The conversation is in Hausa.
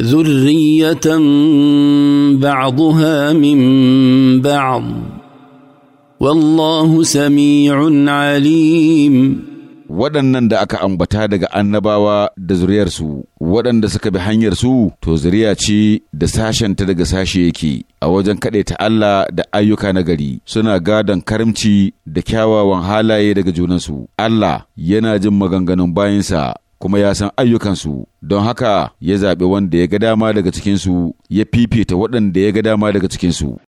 ذريه بعضها من بعض والله سميع عليم waɗannan da aka ambata daga annabawa da zuriyarsu waɗanda suka bi hanyarsu to zuriya ce da sashenta daga sashe yake a wajen kaɗaita Allah da ayyuka na gari suna gadon karimci da kyawawan halaye daga junansu Allah yana jin maganganun bayansa kuma ya san ayyukansu don haka ya zaɓi wanda ya ga dama daga cikinsu ya fifita waɗanda ya ga dama daga cikinsu